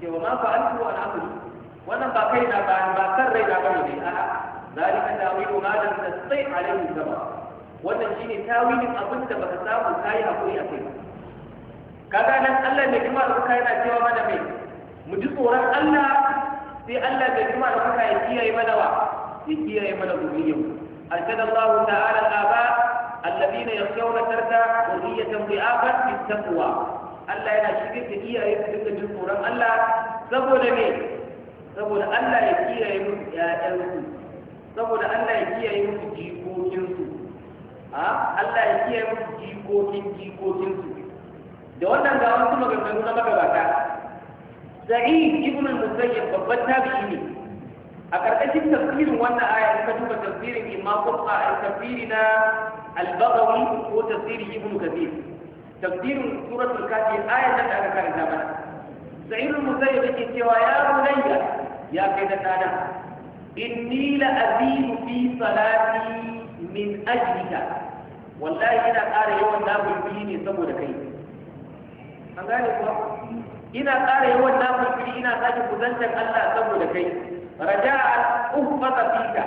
ce wa ma fa'altu wa na wannan ba kai na ba ba kan rai na bane ne a'a zalika tawilu ma lam sai alaihi sabab wannan shine tawilin abin da baka samu kai hakuri akai kaga nan Allah mai kuma da kai yana cewa mana mai mu ji tsoron Allah sai Allah mai kuma da kai ya kiyaye mana wa ya kiyaye mana zuriyar arshad Allah ta'ala al-aba alladhina yakhshawna tarka dhurriyyatan bi'afat bit-taqwa Allah yana shigar da iyaye su dinga jin tsoron Allah saboda me saboda Allah ya kiyaye musu ƴaƴansu saboda Allah ya kiyaye musu jikokinsu a Allah ya kiyaye musu jikokin jikokinsu da wannan ga wasu maganganu na magabata Sa'id ibn al-Musayyib babban tabi'i ne a ƙarƙashin tafsirin wannan aya ka duba tafsirin Imam Qurtubi tafsiri na al-Baghawi ko tafsirin Ibn Kathir تفسير سورة الكافي آية التي أذكر الزمن سعيد في سوى يا بني يا كيد أنا إني لأبيه في صلاتي من أجلك والله إذا قال يوم لا بلبيني سبو لكي أنا إذا قال يوم لا بلبيني إنا ساجي كذنتك ألا سبو لكي رجاء أهبط فيك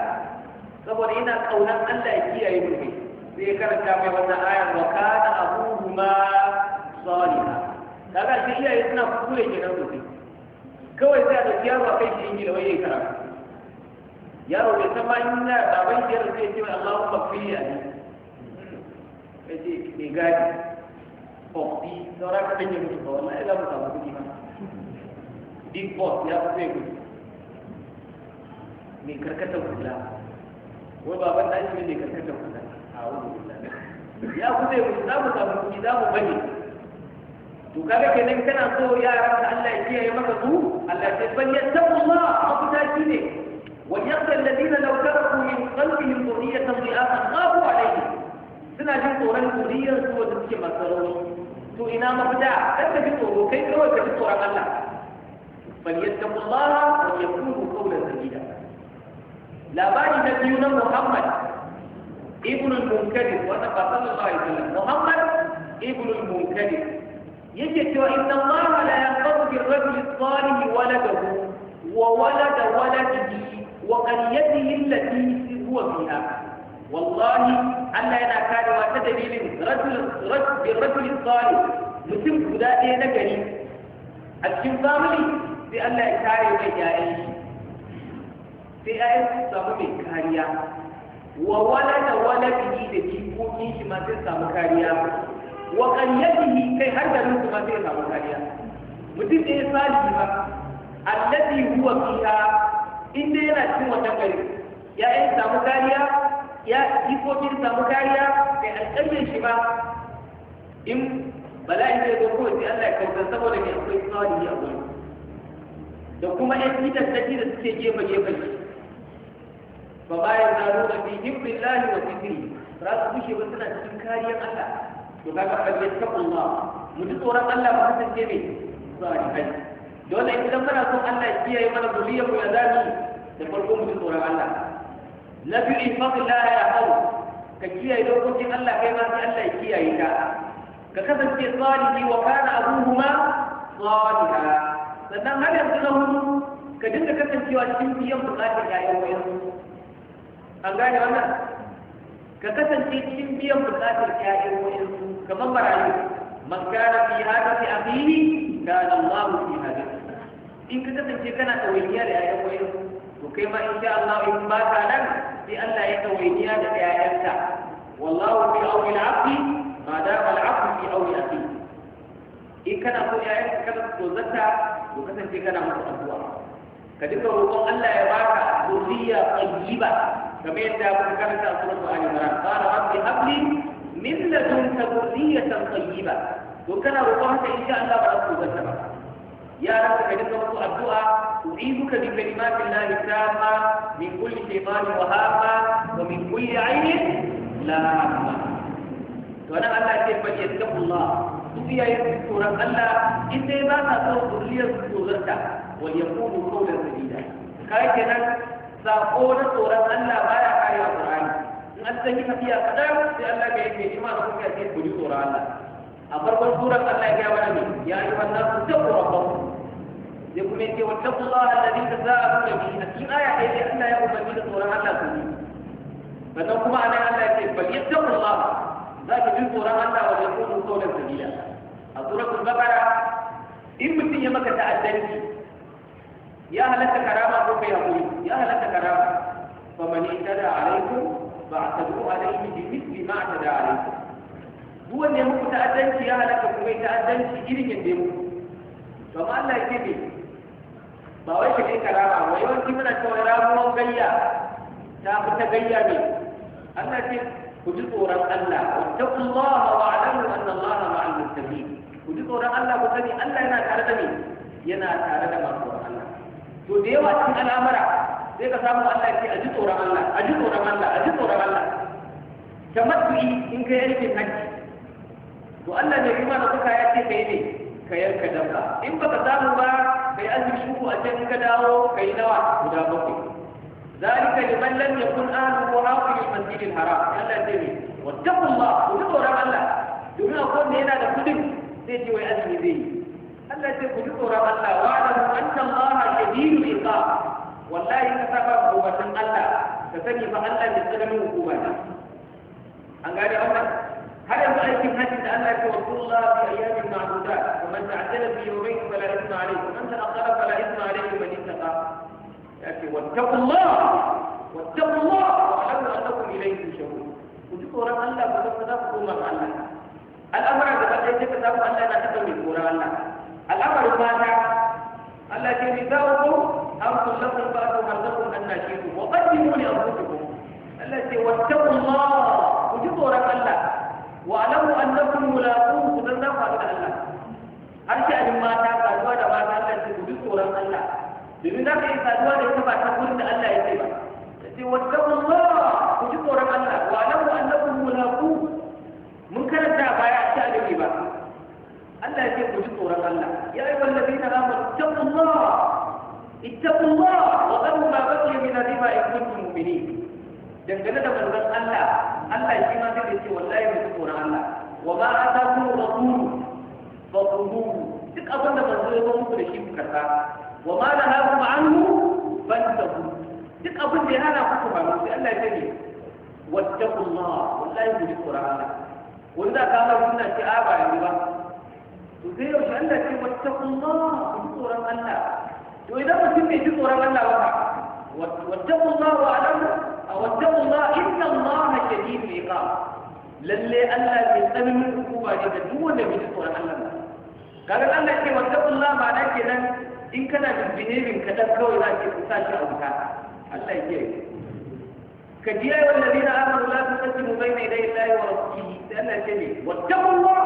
saboda ina قولا Allah ya kiyaye mu kai sai karanta mai wannan ayar wa kana abuhuma salihah kaga shi iyaye suna kuskure kenan sosai kawai sai a ɗauki yaro a kai shi ingila wai yayi karatu yaro bai san ma in na baban shi yaro zai ce mai Allahu mafili a ne sai ce mai gadi kofi saura ka ɗanye mutu ba wannan za mu samu kuɗi ma big boss ya fi sai kuɗi mai karkatar kula wai baban ɗan shi ne karkatar kula a'udhu billah ya kuɗe mu za mu samu kuɗi za mu bane to kaga kenan kana so yaran da Allah ya kiyaye maka su Allah ya bayyana taqullah abuta shine wa yaqra alladhina law taraku min qalbihim dhurriyatan dhi'afan ghabu alayhim suna jin tsoron dhurriyar su wanda suke masarauci to ina mafita kan ka ji tsoro kai kawai ka ji tsoron Allah falyattaqullaha wa yaqulu qawlan sadida labari na biyu na Muhammad ibn al-munkadir wannan ba sallallahu alaihi wasallam muhammad ibn al-munkadir yake cewa inna allaha la yanqadu bi rajuli salih waladahu wa walada waladihi wa qaryatihi allati huwa fiha wallahi Allah yana karewa ta dalilin rajul salih mutum guda ɗaya na gari a cikin family sai Allah ya kare mai yayin sai ya samu mai kariya wa da wala da jikokin shi ma samu kariya wa yi kai har da nufin ma zai samu kariya mutum da ya salihi ba allati huwa fiha inda yana cikin wannan gari ya yi samu kariya ya jikokin samu kariya kai alƙaryar shi ba in bala'i zai zo kawai sai Allah ya kautar saboda mai akwai yi a gurin da kuma 'yan gidan da suke gefe gefe shi ba bayan na nuna fi hibbin lahi wa zikiri za su bushe ba suna cikin kariyar Allah to kaga fadiyar taɓulwa mu ji tsoron Allah ba kasance mai salihai dole idan muna son Allah ya kiyaye mana zuriyar mu ya zami da farko mu ji tsoron Allah na biyu infaqin la ya hawo ka kiyaye dokokin Allah kai ma sai Allah ya kiyaye ka ka kasance salihi wa kana abuhuma salihah sannan har yanzu na hudu ka dinga kasancewa cikin biyan bukatar yayin wayansu an gane wannan ka kasance cikin biyan bukatar ƴaƴan wayansu kamar marayu man kana fi hadati akhihi kana Allah fi hadati in ka kasance kana tawayyiya da ƴaƴan wayansu to kai ma insha Allah in ba ka nan sai Allah ya tawayyiya da ƴaƴanka wallahu fi awli al-abdi ma da al-abdu fi awli akhihi in kana so ka kasance su zata to kasance kana musu addu'a ka duka roƙon Allah ya baka zuriya tayyiba kamar yadda kun karanta suratu al-imran qala rabbi habli min ladunka dhurriyatan tayyiba to kana roƙon haka insha Allah ba ku gata ba ya rabbi ka dinga muku addu'a u'izuka bi kalimati llahi tamma min kulli shaytan wa hama min kulli aynin la hamma to ana Allah ya ce ba ya tabu Allah duk ya yi tsoron Allah in dai ba ka so dhurriyar ku zarta wal yaqulu qawlan sadida kai kenan sako na tsoron Allah ba ya kare wa Qur'ani in an san yi tafiya kadan sai Allah ga yake ima da kuka sai ku ji tsoron Allah a farkon surar Allah ya mana ne ya yi wannan su tabu rabbakum sai kuma yake wa taqullaha alladhi tasaaluna za a cikin aya ɗaya sai Allah ya umarni da tsoron Allah su ne sannan kuma anan Allah ya ce bal yattaqullaha za ka ji tsoron Allah wa yakunu tsoron sabila a suratul Bakara in mutum ya maka ta'addanci ya halatta karama ko bai hakuri ya halatta karama fa man itada alaikum fa'tadu alaihi bi mithli ma atada alaikum duk wanda ya muku ta'addanci ya halatta kuma ya ta'addanci irin yadda ya muku to ma Allah ya bi. ba wai ka kai karama ba yawanci mana cewa ramuwar gayya ta fi ta gayya ne Allah ce ku ji tsoron Allah wa wattaqullaha wa'lamu anna Allaha ma'al muttaqin ku ji tsoron Allah ku sani Allah yana tare da ni yana tare da masu to da yawa cikin al'amara sai ka samu Allah ke aji tsoron Allah aji tsoron Allah aji tsoron Allah yi in yi rikin hajji to Allah ne kuma da kuka ya ce kai ne ka yanka dabba in baka samu ba kai azumi shuku a can ka dawo kai nawa guda bakwai ذلك لمن لم يكن أهله حاضر المسجد الحرام الله زي واتقوا الله وتقوا tsoron domin akwai wanda yana da kudin zai ce wai azumi zai yi Allah ce ku ji tsoron Allah wa alamu anna Allah shadidul iqab wallahi ka saba hukumatin Allah ka sani fa Allah ne tsananin hukuma ne an gane wannan هل يمكن هذه الآن توصل الله في أيام معدودات ومن تعجل في يومين فلا إثم عليه ومن تأخر فلا إثم عليه من اتقى لكن واتقوا الله واتقوا الله وأعلموا أنكم إليه تشهدون وذكر أن لا فتفتقوا مع الله الأمر هذا قد يتفتق أن لا نتقل من قرآن الله al'amarin mata Allah ce ni za ku an kullakum ba ku harzakum an nashiku wa qaddimu li anfusikum Allah ce wattaqullah ku ji tsoron Allah wa alamu kun mulaqu ku dan za ku haɗu da Allah har shi abin mata saduwa da mata Allah ce ku ji tsoron Allah domin za ka yi saduwa da ita ba ta gurin da Allah ya ce ba ta ce wattaqullah ku ji tsoron Allah wa alamu annakum mulaqu mun karanta baya Allah ya ce ku ji tsoron Allah ya yi wallafi na amur taɓullah ittaqullah wa qalu ma baqiya min riba in kuntum mu'minin dangane da manzon Allah Allah shi ma zai ce wallahi mu ji tsoron Allah wa ma atakum rasulu faquhu duk abin da manzo ya muku da shi kuka sa wa ma nahakum anhu fantahu duk abin da ya hana ku ba sai Allah ya ce wattaqullah wallahi mu ji tsoron Allah wanda ka ga wannan ce a ba yanzu ba to sai yau Allah ce wattaqullah ku tsoron Allah to idan mutum bai ji tsoron Allah ba wattaqullah wa alam wattaqullah inna Allah shadidul iqab lalle Allah bai tsananin hukuma ne da duk wanda bai ji tsoron Allah ba kaga Allah ce wattaqullah ba da kenan in kana da binebin kadan kawai za ka sa shi a wuta Allah ya kiyaye ka ji da na ayyuhal ladina amanu la tuqaddimu bayna yaday Allahi wa rasulihi Allah ya ce wattaqullah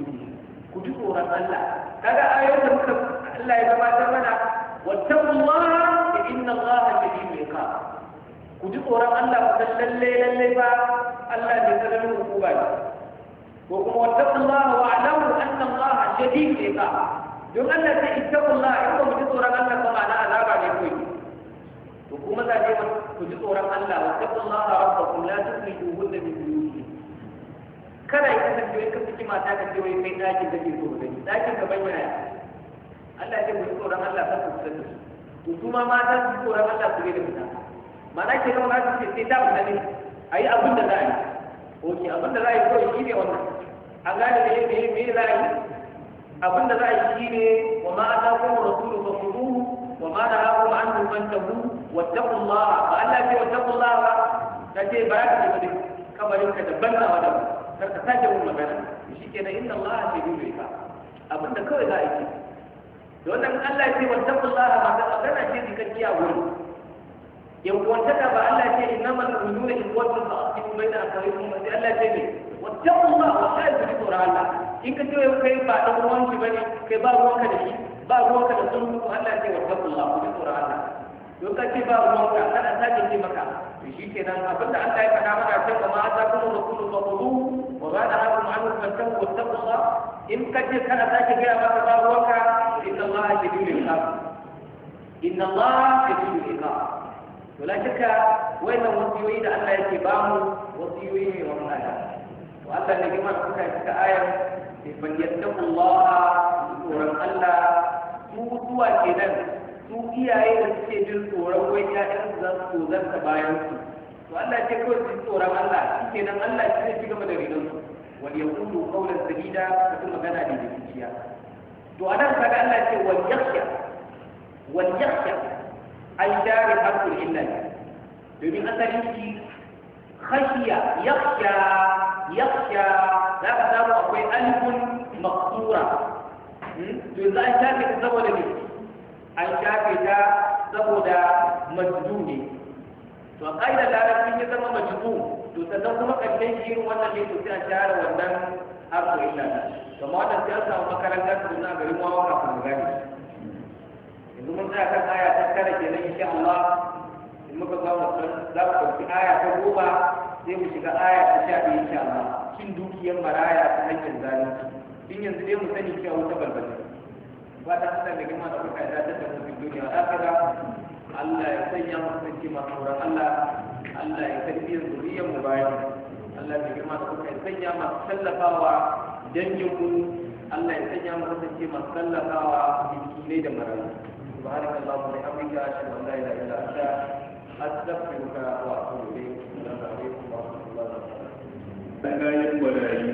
ku ji tsoron Allah kaga ayoyin da muka Allah ya gabatar mana wattaqullaha inna Allaha shadidul iqab ku ji tsoron Allah ku san lalle lalle ba Allah ne tsananin ba ne ko kuma wattaqullaha wa alamu anna Allaha shadidul iqab don Allah sai ittaqullaha in ba mu ji tsoron Allah ba ma'ana azaba ne koyi to kuma za ku ji tsoron Allah wattaqullaha rabbakum la tukhrijuhunna min buyutihinna kada yi kasance wai ka saki mata ka ce wai kai ɗakin da ke so da ni ɗakin ka bayyana ya? Allah ya ce mu tsoron Allah ta kusa da su kuma ma mata su tsoron Allah su ne da fita mana ke nan ba ce sai ta fita ne a yi abin da za a yi ok abin da za a yi kawai shi ne wannan a gane da yadda yi me za a yi abin da za a yi shi ne wa ma ta kuma rasulu ba ku ruhu wa ma da haku ma an zuban ta ku wa taɓun ba Allah ce wa ku ba ta ce ba ya ce ba ne kabarin ka ban na ku kar ka sake mun magana shi ke nan inna Allah ke yi ka abin da kawai za a yi da wannan Allah ce wa taqullaha ba ta magana ce zikakkiya wurin yan uwantaka ba Allah ce ina mana da innamal mu'minuna ikhwatun fa aslimu baina akhawaykum wa Allah ce ne wa a wa ta'budu qura Allah in ka ce kai ba dan uwanki bane kai ba ruwanka da shi ba ruwanka da sulhu Allah ce wa taqullaha ku qura Allah don ka ce ba ruwanka kana sake ce maka to shi kenan abinda Allah ya faɗa mana sai kuma ta kuma kullu fa wa ma da hakum an fantahu wattaqullah in kace kana sake gaya maka ba ruwanka inna Allah shadidul iqab inna Allah shadidul iqab to la shakka wannan wasiyoyi da Allah yake ba mu wasiyoyi ne wa mana to Allah ne kuma suka cika ayar tsoron Allah su kenan su iyaye da suke bin tsoron wai za su zo to Allah ce kawai su tsoron Allah shi kenan Allah shi zai ci gaba da rinon su wani ya yaqulu qawlan sadida da kuma magana da zuciya to a nan kaga Allah ce wani yakhsha wal yakhsha ay dari hakul illa ne, domin asalin shi khashiya yakhsha yakhsha za ka samu akwai alifun maqsura hmm? to yanzu an shafe ta saboda ne an shafe ta saboda majdu ne to kaida larabci ya zama majmu to sannan kuma karshen shi irin wannan ne to sai a share wannan harko illa ta kuma wannan sai an samu makarantar su na garin wawa kafin mu gane yanzu mun tsaya kan aya ta kare kenan insha Allah in muka samu za mu ɗauki aya ta goma sai mu shiga aya ta sha biyu insha Allah cin dukiyar maraya ta hanyar zalunci din yanzu dai mu sani cewa wata balbala ba ta hada da girma da kuka da ta tafi duniya akira Allah ya sanya mu sarki masu tsoron Allah Allah ya tarbiyyar zuriyar mu bayan Allah ya girma da kuka ya sanya masu tallafawa dangin mu Allah ya sanya mu kasance masu tallafawa miskinai da marayu subhanaka allahumma wa bihamdika ashhadu an la ilaha illa anta astaghfiruka wa atubu ilayk assalamu alaikum wa rahmatullahi wa barakatuh daga yin gwadayi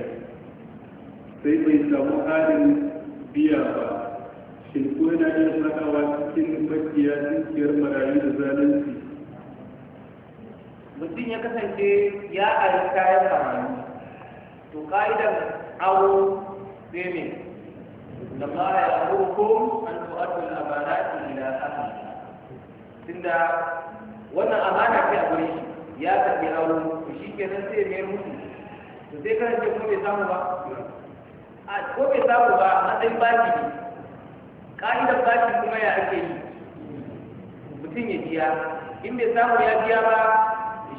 sai bai samu halin biya ba shin ko yana cikin makiya marayu da zalunci mutum ya kasance ya ari kayan marayu to ka'idar awo sai da ma ya ko an tu'addu al-amanati da ahliha tunda wannan amana ce a gurin ya karbi awo to shikenan sai mai mutu to sai kasance ko bai samu ba a ko bai samu ba matsayin baki ne ka'idar baki kuma ya ake yi mutum ya biya in bai samu ya biya ba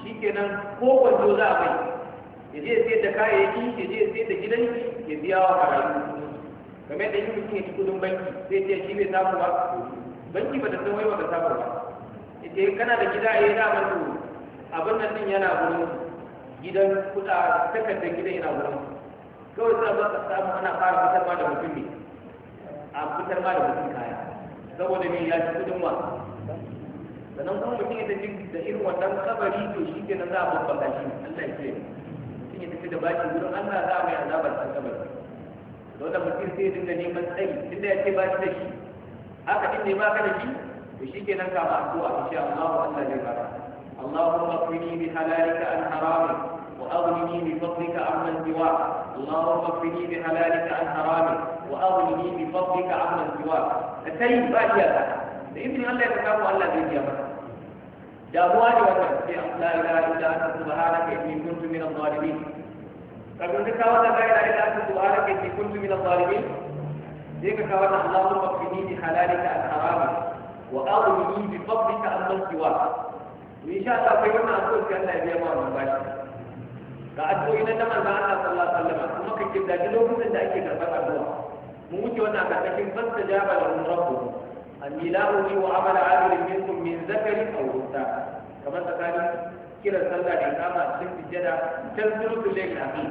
shi kenan ko kwanto za a mai ya je sai da kayayyaki ya je sai da gidan ya biya wa karatu game da yi mutum ya ci kudin banki sai ce shi bai samu ba banki ba da sanwai waiwa da samu ba ya ce kana da gida ya yi damar to abin nan din yana wurin gidan kuɗa takardar gidan yana wurin kawai sai ba samu ana fara fitarwa da mutum ne a fitar ba da mutum kaya saboda me ya ci kudin wa sannan kuma mutum ya tafi da irin wannan kabari to shi ke nan za a babbaka shi Allah ya ce mutum ya tafi da baki wurin Allah za a mai azabar cikin kabari don da mutum sai ya dinga neman tsayi tunda ya ce ba shi da shi haka din ne ma ka da shi to shi ke nan kama a addu'a insha Allah Allah zai bi halalika an harami wa aghnini bi fadlika an سواك اللهم اكفني بحلالك عن حرامي واغنني بفضلك عمن سواك السيد باقي da izinin Allah ya kawo Allah zai biya maka damuwa ne wannan sai an la ilaha illa anta subhanaka inni kuntu min adh-dhalimin kafin ka kawo da la ilaha illa anta subhanaka inni kuntu min adh-dhalimin sai ka kawo da Allahumma qini halalika an wa aghni bi fadlika an insha Allah biya ga addu'o'i na manzon Allah sallallahu alaihi wasallam kuma ka kirda duk lokacin da ake karɓar addu'a mu wuce wannan karkashin fasta jaba da rabbu anni la uri wa amala abidin minkum min zakari aw unsa kamar tsakanin kiran sallah da ikama cikin sujjada can sulutul layl akhir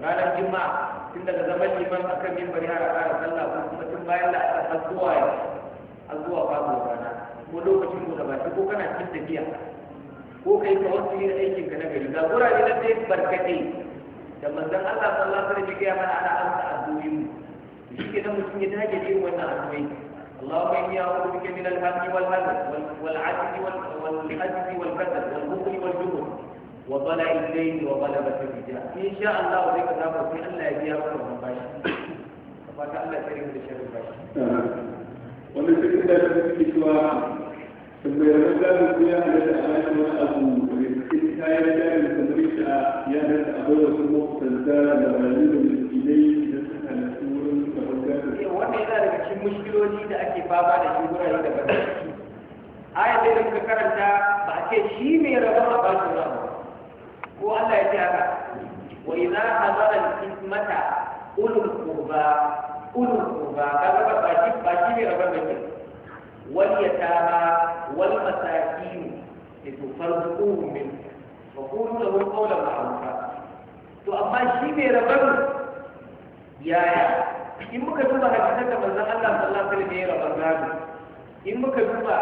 ranar juma'a tun daga zaman liman akan mimbari har a ƙara sallah ko kuma tun bayan da aka zuwa yau an zuwa rana ko lokacin mu da ba ko kana cikin tafiya ko kai ka wasu yin aikin ka na gari ga wurare na sai barkatai da manzon Allah sallallahu alaihi wasallam ya mana ana amsa addu'o'i mu shi ke nan mutum ya dage da yin wannan addu'o'i اللهم إني أعوذ بك من الهم والهمل والعجز والعجز والكسل والبخل والجبن وضلع الليل وغلبة الرجال إن شاء الله ذيك ذاك في ألا يبيع من باشا فقال الله كريم لشر الباشا ومن فكرة التي Eh, da ta yana Ulu kurba, ulu kurba, kalau bapak cip, bapak cip ya bapak cip. واليتامى والمساكين لتفرقوهم منه a لهم قولا معروفا to amma shi mai rabar yaya in muka duba hadisan da manzon Allah sallallahu alaihi wasallam ya rabar gado in muka duba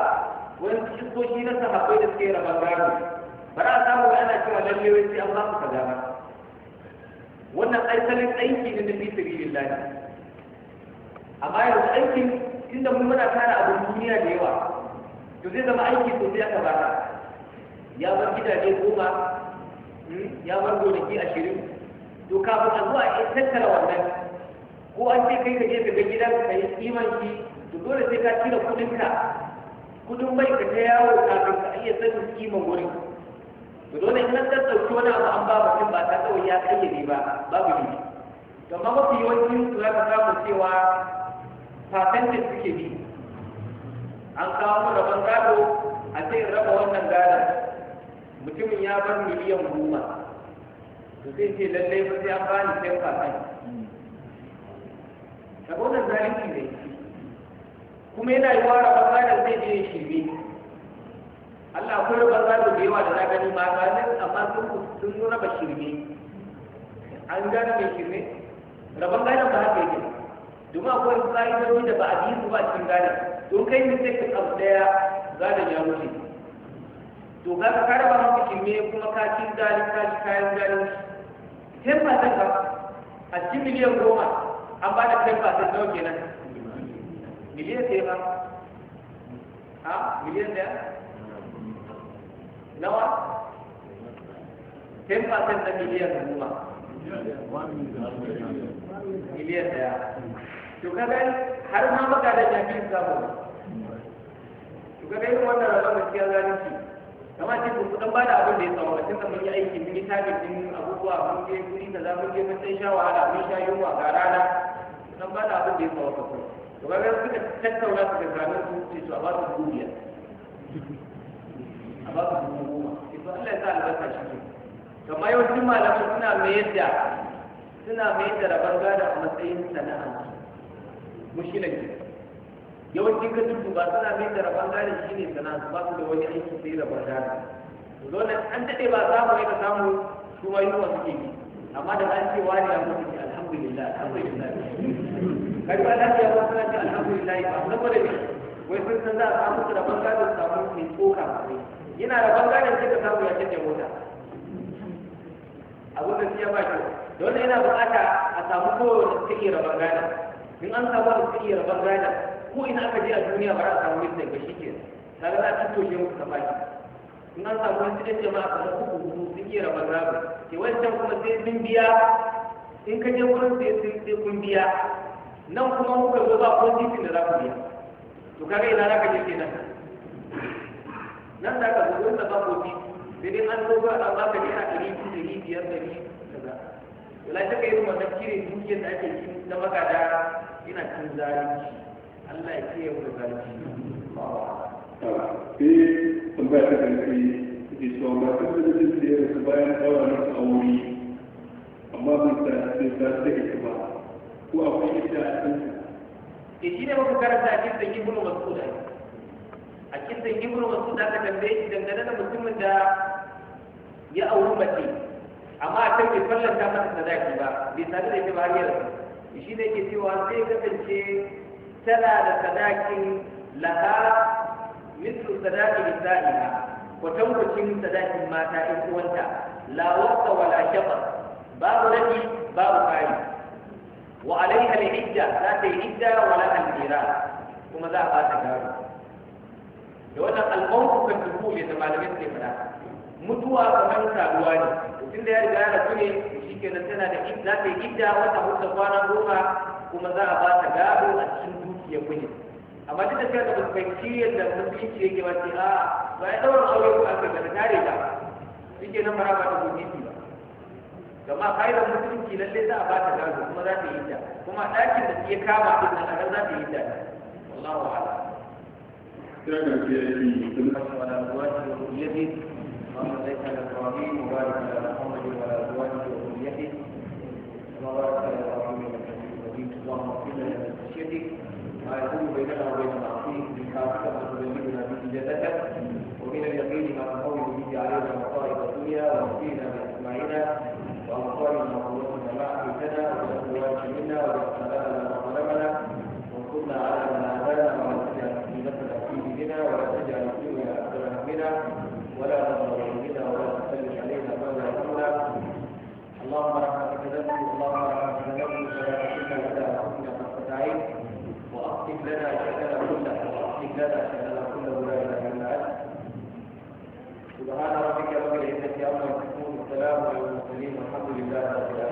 wani cikoki na sahabbai da suke rabar gado ba za a samu ana cewa lalle wai sai an ba kaza ba wannan aikalin aiki ne na fi sabilillah amma yanzu aikin tunda mun muna tara abin duniya da yawa to zai zama aiki sosai aka bata ya bar gidaje goma hmm, ya bar gonaki ashirin to kafin a zuwa a tattara wannan ko an ce kai ka je ka ga gidan ka yi kiman shi to dole sai ka cire kudin ka kudin bai ka ta yawo kafin ka iya sanin kiman wurin to dole in an tattauki wani abu an ba mutum ba ta kawai ya kayyade ba babu ne to amma mafi yawancin su za ka samu cewa da suke bi an kawo rabon gado a ce raba wannan gadon mutumin ya bar miliyan goma to sai ce lallai ba sai an bani sai fasan saboda nan zalunci ne kuma yana yi wa rabon gadon zai je shirme Allah kun raba gado da yawa da na gani ma ganin amma sun sun raba shirme an gane mai shirme rabon gado ba haka yake domin akwai fa'idoji da ba a yi su ba cikin gane don kai ne sai ka abu daya gane ya wuce to ga ka ba maka kimme kuma ka cin gane ka ci kayan gane ten ta ka a cikin miliyan goma an ba da ten percent nawa kenan miliyan ɗaya ba ha miliyan daya nawa ten percent miliyan goma miliyan daya. to kaga har ma baka da jami'in samu to kaga irin wannan rabon gaskiya zalunci kamar ce kun kudan bada abin da ya samu tun da mun yi aiki mun yi tabin din abubuwa mun je kuri kaza mun je mun sai sha wahala mun sha yunwa ga rana kudan bada abin da ya samu kafin to kaga suka tattauna suka gano su ce su a ba su duniya a ba su dubu goma to Allah ya sa albarka shi ke kamar yawancin malamai suna mayar da suna mayar da rabon gada a matsayin sana'a mushkilan ke yawancin ka duk ba suna mai da rabon gane shi ne sana ba su da wani aiki sai rabon gane dole an daɗe ba samu ya ka samu su ma yunwa suke yi amma da an ce wani ya mutu ne alhamdulillah alhamdulillah kai ba da ya mutu ne alhamdulillah ba saboda ne wai sun san za a samu su rabon gane su samu mai tsoka yana rabon gane sai ka samu ya canja mota abin da siya ba shi dole yana buƙata a samu kowane ta iya rabon gane in an samu da suke rabar gada ko ina aka je a duniya ba za a samu mutum ba shi ke tare za a toshe musu ta baki in an samu wani cikin jama'a kamar kuku hudu sun iya rabar gado ke wancan kuma sai sun biya in ka je wurin sai sai kun biya nan kuma muka zo ba ko titin da za ku biya to kaga ina za ka je kenan nan da ka zo wanda ba ko titin sai dai an zo ba a baka naira ɗari biyu ɗari biyar ɗari kaza wala ta kai wannan kire dukiyar da ake cikin na magada yana cin zalunci Allah ya ce yau da zalunci sai eh, tambaya ta kanki ke cewa masu ta da ya rasu bayan dawa na aure amma ban ta sai ta ta ita ba ko akwai ita a kan ke eh, shi ne muka karanta a cikin ibnu mas'ud a cikin ibnu mas'ud aka tambaye shi dangane da mutumin da ya auri mace amma a can bai fallanta masa sadaki ba bai sadu da ita ba har yanzu shi ne ke cewa zai kasance tana da sadakin laha mislu sadaki nisa'iha kwatankwacin sadakin mata in uwanta la wasa wala shafa babu rabi babu kari wa alaiha al-hijja za ta yi hijja wala al-miran kuma za a ba ta gado da wannan al-mawqif kan dukul da malamai suke mutuwa kamar saduwa ne mutum da ya riga ya rasu ne shi kenan tana da za ta yi idda wata hutu kwana goma kuma za a ba ta gado a cikin dukiya mijin amma duk da cewa da fahimci yadda musulunci yake ce a ba ya daura aure ko aka gana tare da shi kenan mara ba ta gobe ba gama mutum ki lalle za a ba ta gado kuma za ta yi idda kuma ɗakin da ya kama a cikin ɗan za ta yi idda wallahu a'lam. Kira ga fiye da yi, اللهم بارك على ابراهيم وبارك على محمد وعلى ازواجه وذريته كما باركت على ابراهيم انك حميد مجيد اللهم اغفر لنا من خشيتك ما يكون بيننا وبين معصيتك من حافظك وتبلغنا به ومن اليقين ما تقوم به علينا مصائب الدنيا واهدنا باسماعنا وامصارنا وقوتنا ما احييتنا ولا تزواج منا ولا ما ظلمنا وانصرنا على من عادانا ولا تجعل مصيبتنا في ديننا ولا تجعل الدنيا اكثر همنا ولا تضلنا اللهم لا حول لنا اللهم لا حول لنا ولا حول لنا انك استعين واصلح سبحان ربك رب العزه عما يصفون السلام على المرسلين والحمد لله رب العالمين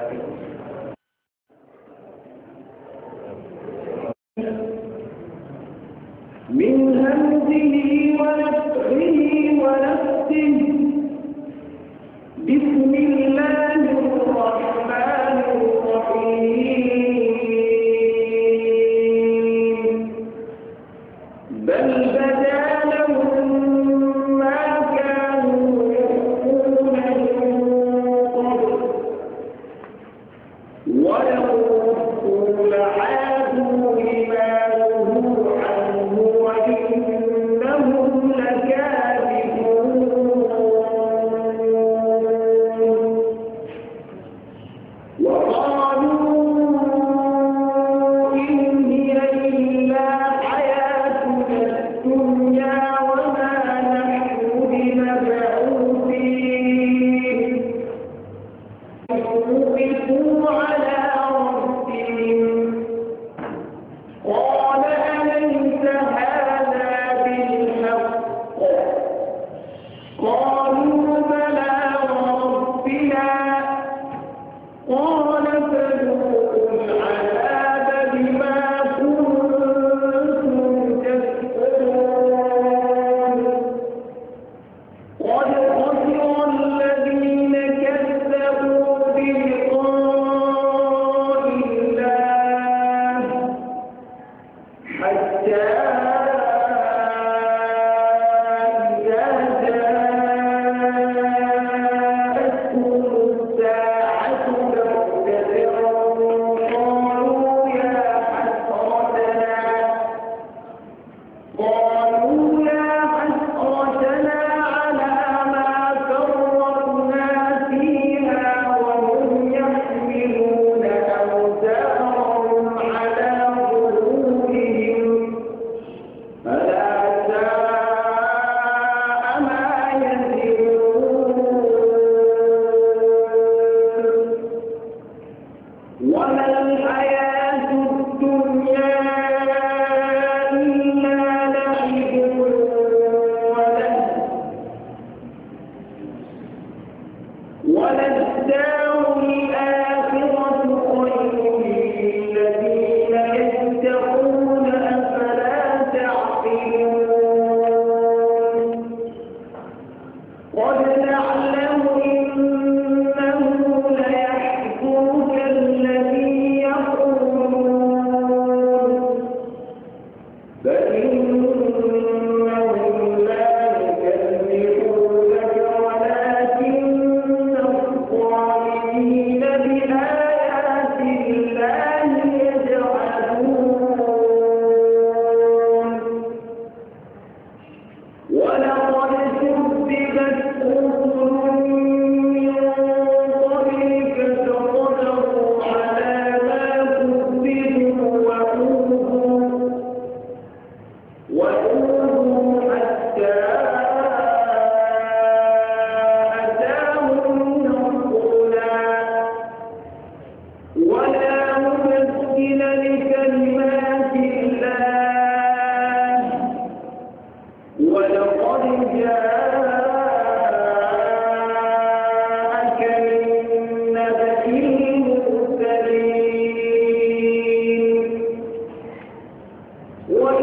What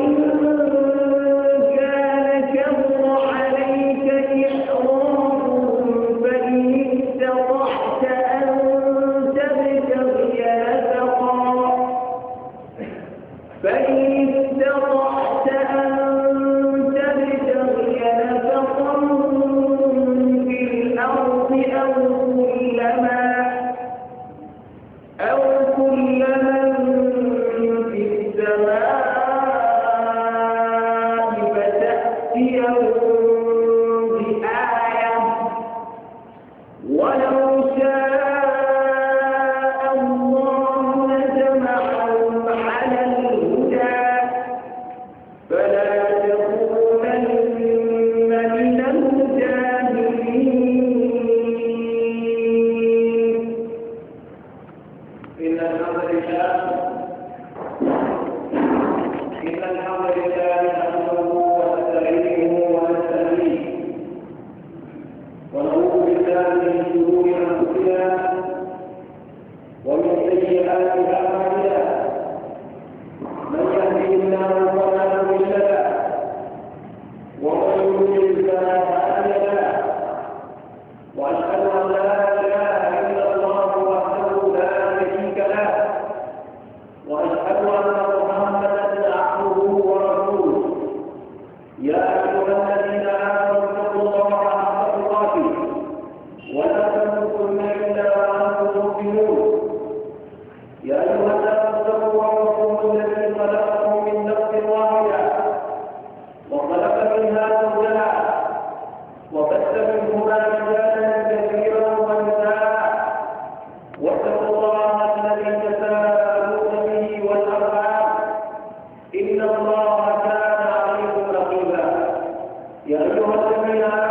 يا أيها الذين آمنوا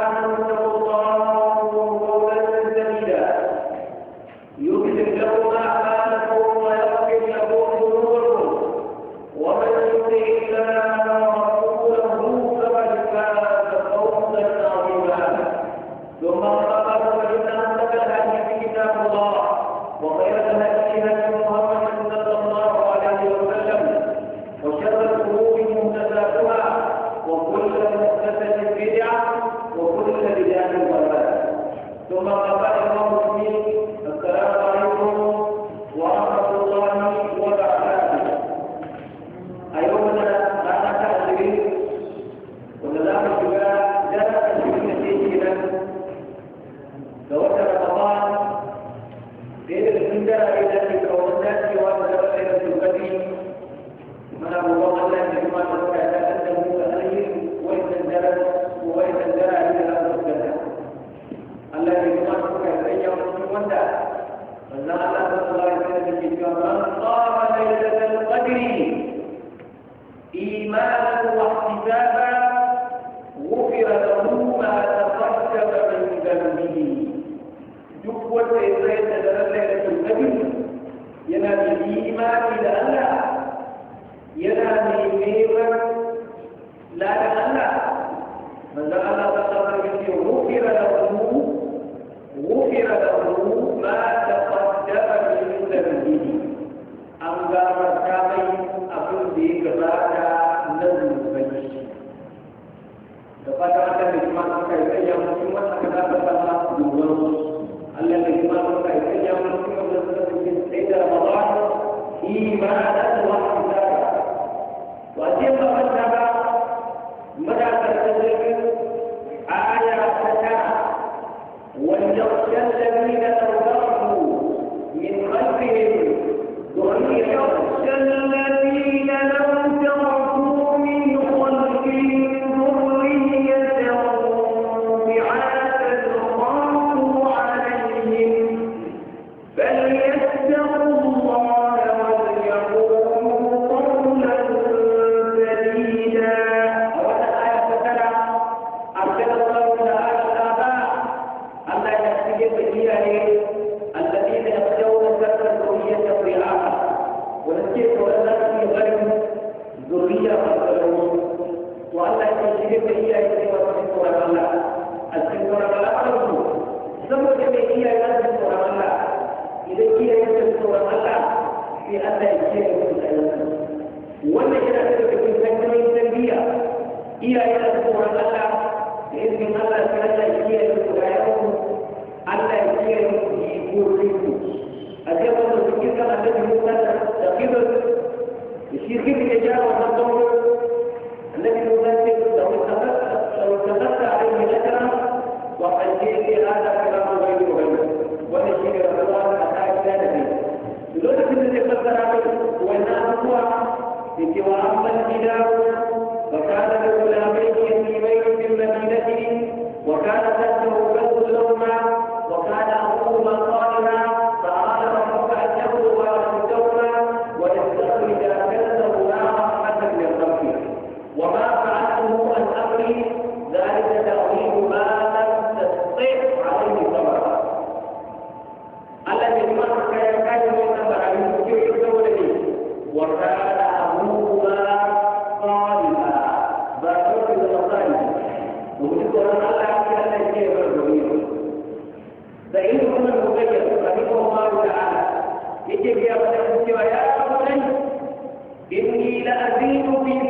wanda ya zai da daren lailatul yana da imani da Allah yana da neman ladan Allah manzon Allah sallallahu وليخشى الذين لو من خلفهم ذرية يجيب إجابة تطور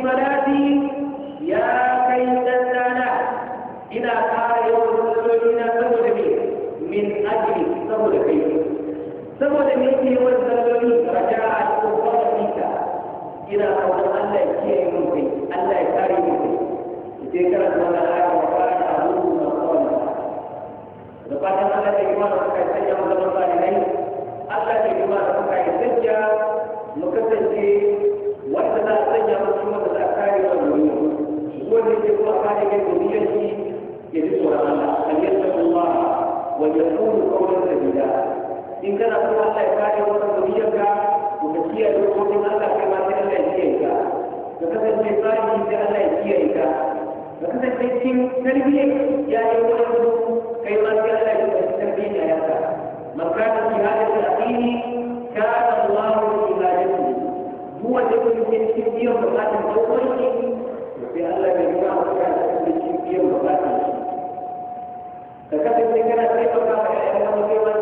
ربنا cikin tarbiyyar ya yi wani kai ma sai Allah ya yi tarbiyyar da yasa makana fi hada da addini ka Allah fi ibadatu duk wanda yake cikin biyan bukatun dokoki sai Allah ya nuna maka cikin biyan bukatun ka kasance kana taimaka wa ƴaƴan kuma kai ma